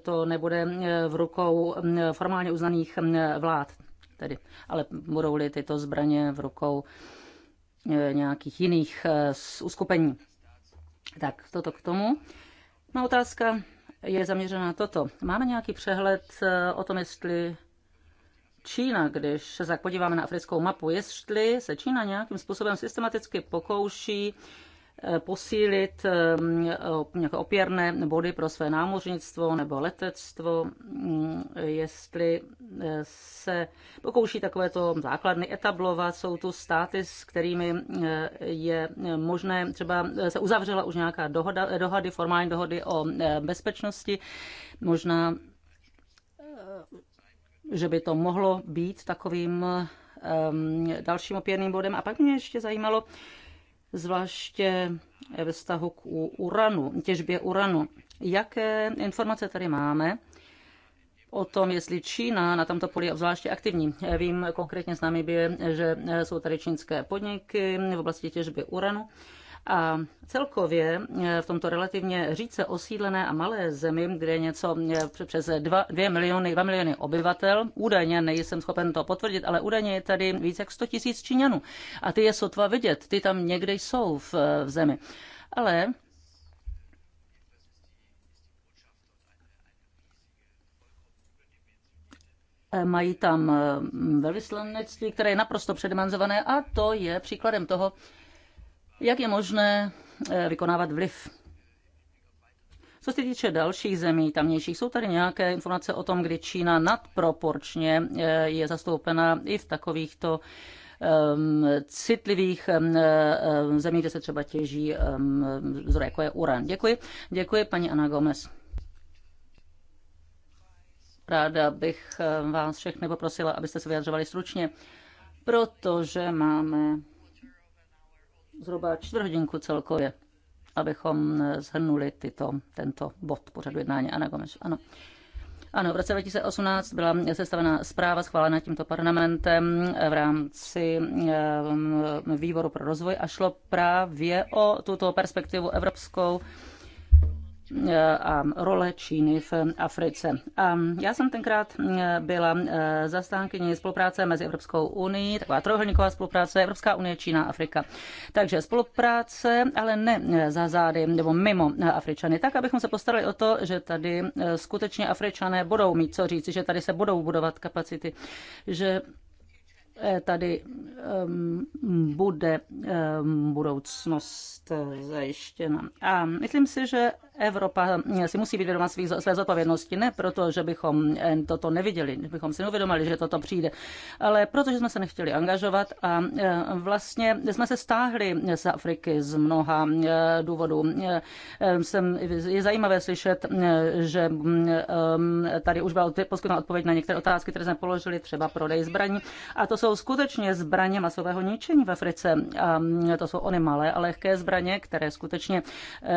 to nebude eh, v rukou mm, formálně uznaných mm, vlád. Tedy. Ale budou-li tyto zbraně v rukou eh, nějakých jiných eh, uskupení. Tak, toto k tomu. Má otázka je zaměřena na toto. Máme nějaký přehled eh, o tom, jestli Čína, když se podíváme na africkou mapu, jestli se Čína nějakým způsobem systematicky pokouší Eh, posílit eh, nějaké opěrné body pro své námořnictvo nebo letectvo, mm, jestli eh, se pokouší takovéto základny etablovat. Jsou tu státy, s kterými je možné, třeba se uzavřela už nějaká dohoda, dohody, formální dohody o bezpečnosti, možná že by to mohlo být takovým dalším opěrným bodem. A pak mě ještě zajímalo, zvláště ve vztahu k uranu, těžbě uranu. Jaké informace tady máme? o tom, jestli Čína na tomto poli je zvláště aktivní. Vím konkrétně z námi, že jsou tady čínské podniky v oblasti těžby uranu a celkově eh, v tomto relativně říce osídlené a malé zemi, kde je něco eh, přes 2, miliony, 2 miliony obyvatel, údajně nejsem schopen to potvrdit, ale údajně je tady více jak 100 tisíc Číňanů. A ty je sotva vidět, ty tam někde jsou v, eh, v zemi. Ale mají tam velvyslanectví, které je naprosto předemanzované a to je příkladem toho, jak je možné eh, vykonávat vliv? Co se týče dalších zemí, tamnějších, jsou tady nějaké informace o tom, kdy Čína nadproporčně eh, je zastoupena i v takovýchto ehm, citlivých ehm, ehm, zemí, kde se třeba těží zdroje, jako je uran. Děkuji. Děkuji, paní Ana Gomez. Ráda bych eh, vás všechny poprosila, abyste se vyjadřovali stručně, protože máme zhruba čtvrthodinku celkově, abychom zhrnuli tyto, tento bod pořadu jednání. Ana Gomes, ano. Ano, v roce 2018 byla sestavena zpráva schválena tímto parlamentem v rámci eh, výboru pro rozvoj a šlo právě o tuto perspektivu evropskou a role Číny v Africe. A já jsem tenkrát eh, byla eh, zastánkyní spolupráce mezi Evropskou unii, taková trojuhelníková spolupráce Evropská unie, Čína, Afrika. Takže spolupráce, ale ne eh, za zády nebo mimo Afričany, tak abychom se postarali o to, že tady skutečně Afričané budou mít co říct, že tady se budou budovat kapacity, že tady ehm, bude ehm, budoucnost zajištěna. A myslím si, že Evropa si musí být vědoma své zodpovědnosti, ne proto, že bychom eh, toto neviděli, že bychom si neuvědomili, že toto přijde, ale protože jsme se nechtěli angažovat a eh, vlastně jsme se stáhli z Afriky z mnoha eh, důvodů. je zajímavé slyšet, že mm, tady už byla poskytnuta odpověď na některé otázky, které jsme položili, třeba prodej zbraní. A to jsou skutečně zbraně masového ničení v Africe. A mm, to jsou ony malé a lehké zbraně, které skutečně,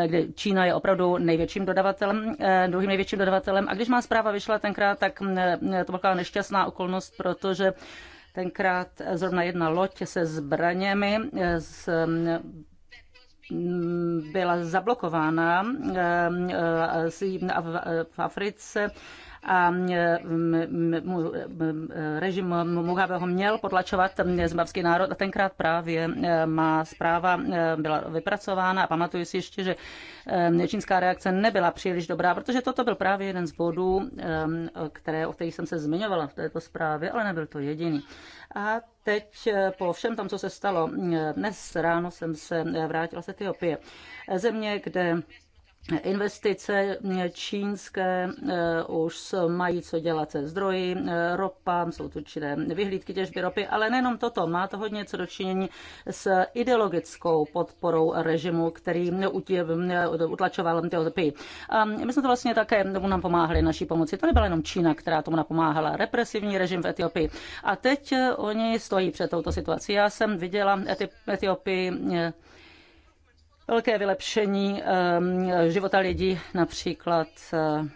kde Čína je opravdu opravdu největším dodavatelem, eh, druhým největším dodavatelem. A když má zpráva vyšla tenkrát, tak mm, eh, to byla nešťastná okolnost, protože tenkrát zrovna jedna loď se zbraněmi z eh, mm, mm, byla zablokována v Africe a režim Mugabeho měl potlačovat zimbabský národ a tenkrát právě má zpráva byla vypracována a pamatuju si ještě, že čínská reakce nebyla příliš dobrá, protože toto byl právě jeden z bodů, které, o kterých jsem se zmiňovala v této zprávě, ale nebyl to jediný. A teď po všem tom, co se stalo, dnes ráno jsem se vrátila z Etiopie, země, kde Investice čínské eh, už mají co dělat se zdroji, eh, ropa, jsou to určité vyhlídky těžby ropy, ale nejenom toto, má to hodně co dočinění s ideologickou podporou režimu, který eh, utlačoval ty A my jsme to vlastně také tomu nám pomáhali naší pomoci. To nebyla jenom Čína, která tomu napomáhala, represivní režim v Etiopii. A teď oni stojí před touto situací. Já jsem viděla Etiopii velké vylepšení ehm, života lidí, například ehm,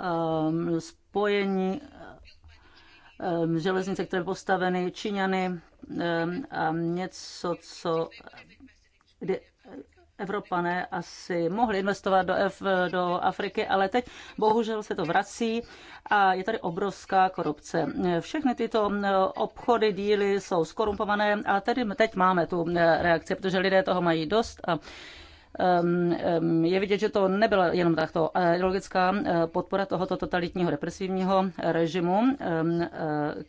ehm, spojení železnice, které byly postaveny Číňany a něco, co Evropané asi mohli investovat do, F, do Afriky, ale teď bohužel se to vrací a je tady obrovská korupce. Všechny tyto obchody, díly jsou skorumpované a tedy teď máme tu reakci, protože lidé toho mají dost. A Ehm, ehm, je vidět, že to nebyla jenom takto eh, ideologická eh, podpora tohoto totalitního represivního režimu, ehm, eh,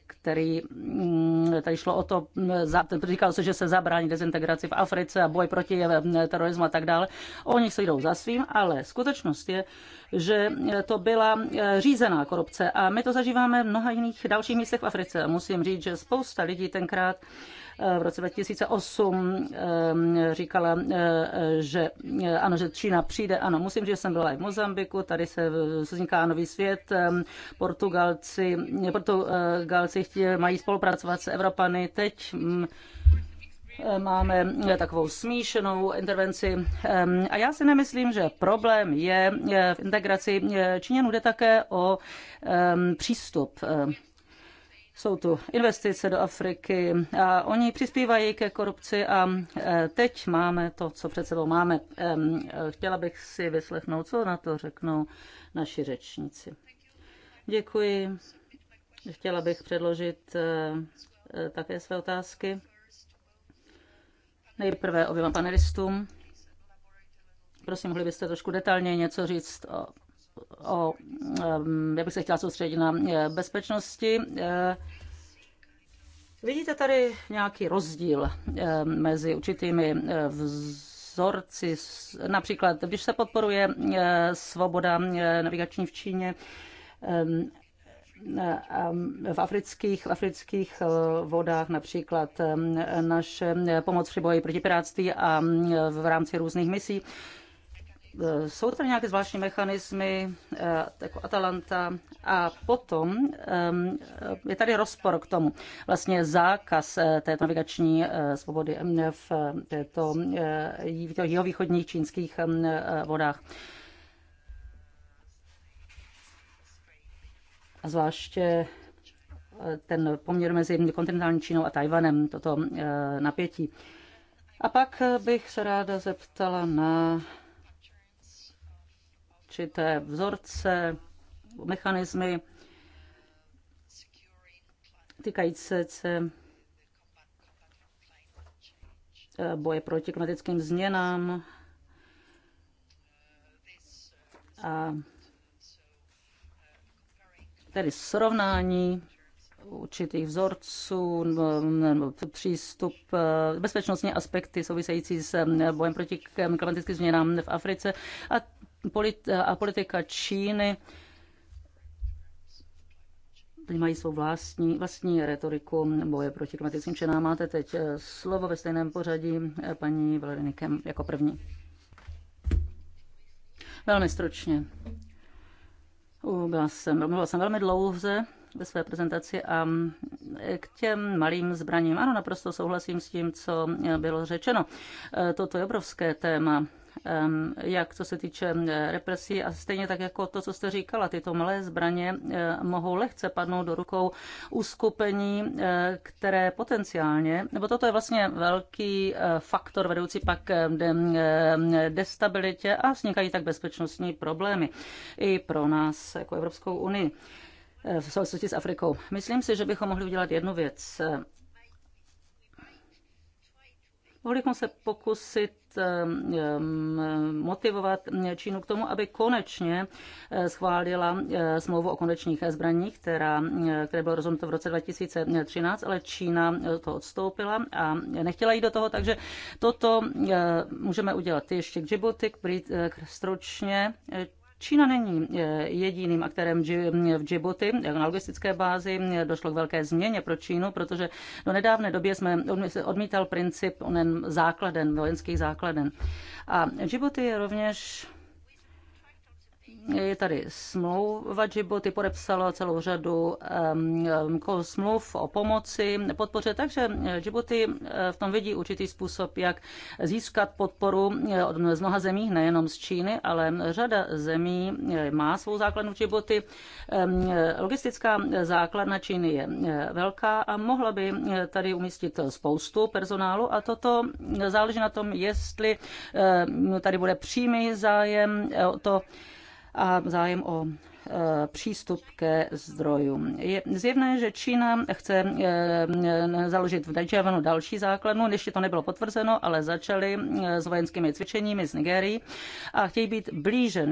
který mm, tady šlo o to, mm, říkalo se, že se zabrání dezintegraci v Africe a boj proti terorismu a tak dále. Oni se jdou za svým, ale skutečnost je, že to byla řízená korupce a my to zažíváme v mnoha jiných dalších místech v Africe. Musím říct, že spousta lidí tenkrát v roce 2008 ehm, říkala, eh, že eh, ano, že Čína přijde. Ano, musím říct, že jsem byla i v Mozambiku, tady se vzniká nový svět. Ehm, Portugalci, eh, Portugalci mají spolupracovat s Evropany. Teď mm, máme takovou smíšenou intervenci. Ehm, a já si nemyslím, že problém je v integraci Číňanů, jde také o přístup jsou tu investice do Afriky a oni přispívají ke korupci a e, teď máme to, co před sebou máme. E, chtěla bych si vyslechnout, co na to řeknou naši řečníci. Děkuji. Chtěla bych předložit e, také své otázky. Nejprve oběma panelistům. Prosím, mohli byste trošku detailně něco říct o o, já bych se chtěla soustředit na e, bezpečnosti. E, vidíte tady nějaký rozdíl e, mezi určitými vzorci, například když se podporuje svoboda navigační v Číně, v afrických, v afrických vodách například naše pomoc při boji proti pirátství a v rámci různých misí. Eh, jsou tam nějaké zvláštní mechanismy, eh, jako Atalanta, a potom eh, je tady rozpor k tomu. Vlastně zákaz této navigační svobody v této jihovýchodních čínských vodách. A zvláště ten poměr mezi kontinentální Čínou a Tajvanem, toto napětí. A pak bych se ráda zeptala na určité vzorce, mechanismy týkající se eh, boje proti klimatickým změnám a tedy srovnání určitých vzorců, přístup, eh, bezpečnostní aspekty související s eh, bojem proti klimatickým změnám v Africe a a politika Číny teď mají svou vlastní, vlastní retoriku boje proti klimatickým činám. Máte teď eh, slovo ve stejném pořadí eh, paní Valerinikem jako první. Velmi stručně. Byla jsem, mluvila jsem velmi dlouze ve své prezentaci a mm, k těm malým zbraním. Ano, naprosto souhlasím s tím, co eh, bylo řečeno. Toto je obrovské téma jak co se týče represí a stejně tak jako to, co jste říkala, tyto malé zbraně mohou lehce padnout do rukou uskupení, které potenciálně, nebo toto je vlastně velký eh, faktor vedoucí pak destabilitě a vznikají tak bezpečnostní problémy i pro nás jako Evropskou unii eh, v souvislosti s Afrikou. Myslím si, že bychom mohli udělat jednu věc Mohli bychom se pokusit ehm, ehm, motivovat Čínu k tomu, aby konečně eh, schválila eh, smlouvu o konečných eh, zbraních, která, které bylo rozhodnuto v roce 2013, ale Čína to odstoupila a nechtěla jít do toho, takže toto můžeme udělat ještě k Djibouti, k stručně Čína není e, jediným aktérem v Djibouti. Na logistické bázi došlo k velké změně pro Čínu, protože do nedávné době jsme odmítal princip onen základen, vojenských základen. A Djibouti je rovněž je tady smlouva Djibouti, podepsala celou řadu um, smluv o pomoci, podpoře, takže eh, Djibouti eh, v tom vidí určitý způsob, jak získat podporu eh, z mnoha zemí, nejenom z Číny, ale řada zemí má svou základnu v Djibouti. Logistická základna Číny je velká a mohla by tady umístit spoustu personálu a toto záleží na tom, jestli tady bude přímý zájem o to, a zájem o e, přístup ke zdrojům. Je zjevné, že Čína chce e, založit v Dajjavanu další základnu, ještě to nebylo potvrzeno, ale začali e, s vojenskými cvičeními z Nigerii a chtějí být blíže,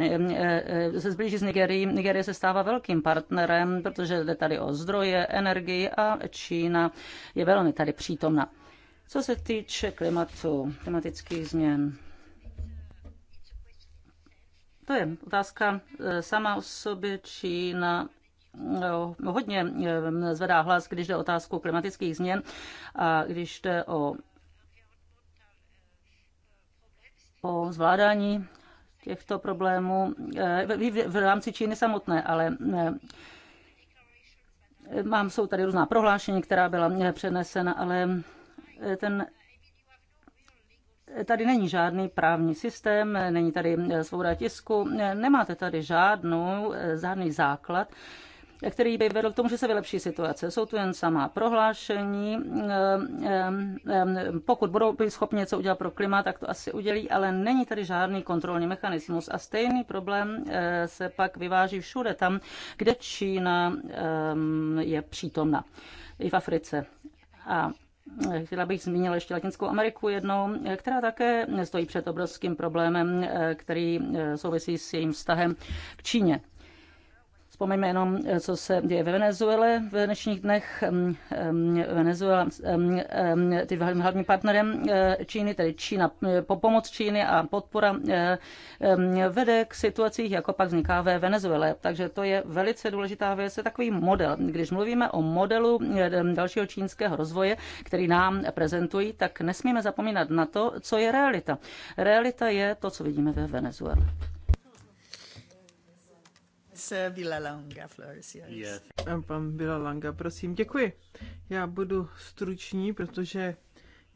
se zblíží z Nigerii. Nigerie se stává velkým partnerem, protože jde tady o zdroje, energii a Čína je velmi tady přítomna. Co se týče klimatu, klimatických změn, to je otázka e, sama o sobě, Čína e, hodně e, zvedá hlas, když jde o otázku klimatických změn a když jde o, o zvládání těchto problémů v, v rámci Číny samotné, ale mám, jsou tady různá prohlášení, která byla přenesena, ale ten Tady není žádný právní systém, není tady eh, svoboda tisku, eh, nemáte tady žádnou, eh, žádný základ, který by vedl k tomu, že se vylepší situace. Jsou tu jen samá prohlášení. Pokud budou být schopni něco udělat pro klima, tak to asi udělí, ale není tady žádný kontrolní mechanismus. A stejný problém se pak vyváží všude tam, kde Čína je přítomna, i v Africe. A Chtěla bych zmínila ještě Latinskou Ameriku jednou, která také stojí před obrovským problémem, eh, který eh, souvisí s jejím vztahem k Číně. Vzpomeňme jenom, eh, co se děje ve Venezuele v dnešních dnech. Mm, mm, Venezuela, mm, ty hlavní partnerem eh, Číny, tedy Čína, eh, po pomoc Číny a podpora vede k situacích, jako pak vzniká ve Venezuele. Takže to je velice důležitá věc, je takový model. Když mluvíme o modelu dalšího čínského rozvoje, který nám prezentují, tak nesmíme zapomínat na to, co je realita. Realita je to, co vidíme ve Venezuele. Mrs. Eh, Villalonga Flores. Yes. Pan Villalonga, prosím, děkuji. Já budu stručný, protože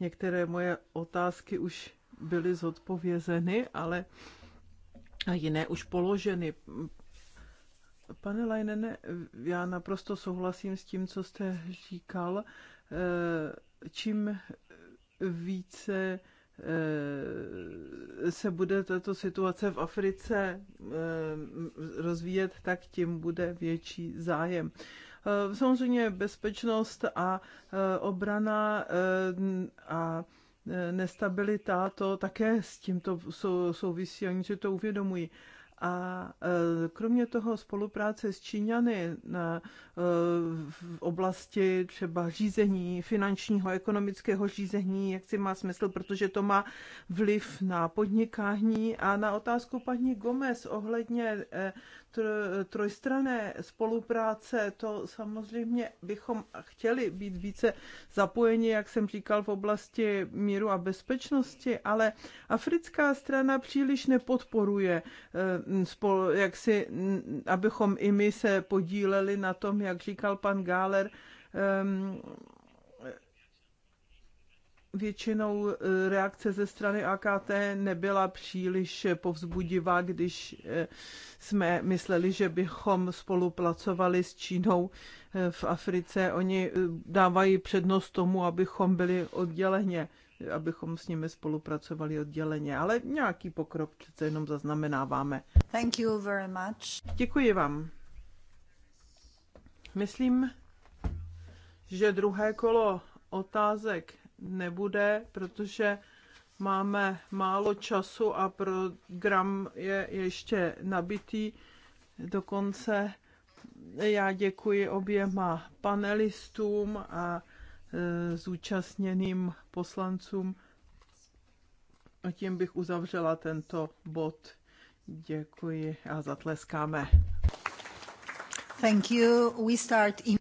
některé moje otázky už byly zodpovězeny, ale a jiné už položeny. Pane Leinene, já naprosto souhlasím s tím, co jste říkal. Eh, čím více Eh, se bude tato situace v Africe eh, rozvíjet, tak tím bude větší zájem. Eh, samozřejmě bezpečnost a obrana a nestabilita, to také s tímto souvisí, oni si to uvědomují a e, kromě toho spolupráce s Číňany na, e, v oblasti třeba řízení finančního, ekonomického řízení, jak si má smysl, protože to má vliv na podnikání a na otázku paní Gomez ohledně e, trojstrané spolupráce, to samozřejmě bychom chtěli být více zapojeni, jak jsem říkal, v oblasti míru a bezpečnosti, ale africká strana příliš nepodporuje, eh, jak si, abychom i my se podíleli na tom, jak říkal pan Gáler, ehm, většinou e, reakce ze strany AKT nebyla příliš povzbudivá, když e, jsme mysleli, že bychom spolupracovali s Čínou e, v Africe. Oni dávají přednost tomu, abychom byli odděleně, abychom s nimi spolupracovali odděleně, ale nějaký pokrok přece jenom zaznamenáváme. Thank you very much. Děkuji vám. Myslím, že druhé kolo otázek nebude, protože máme málo času a program je ještě nabitý. Dokonce já děkuji oběma panelistům a e, zúčastněným poslancům. A tím bych uzavřela tento bod. Děkuji a zatleskáme. Thank you. We start in...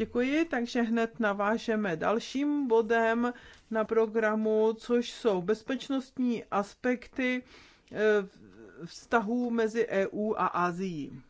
Děkuji, takže hned navážeme dalším bodem na programu, což jsou bezpečnostní aspekty eh, vztahů mezi EU a Asií.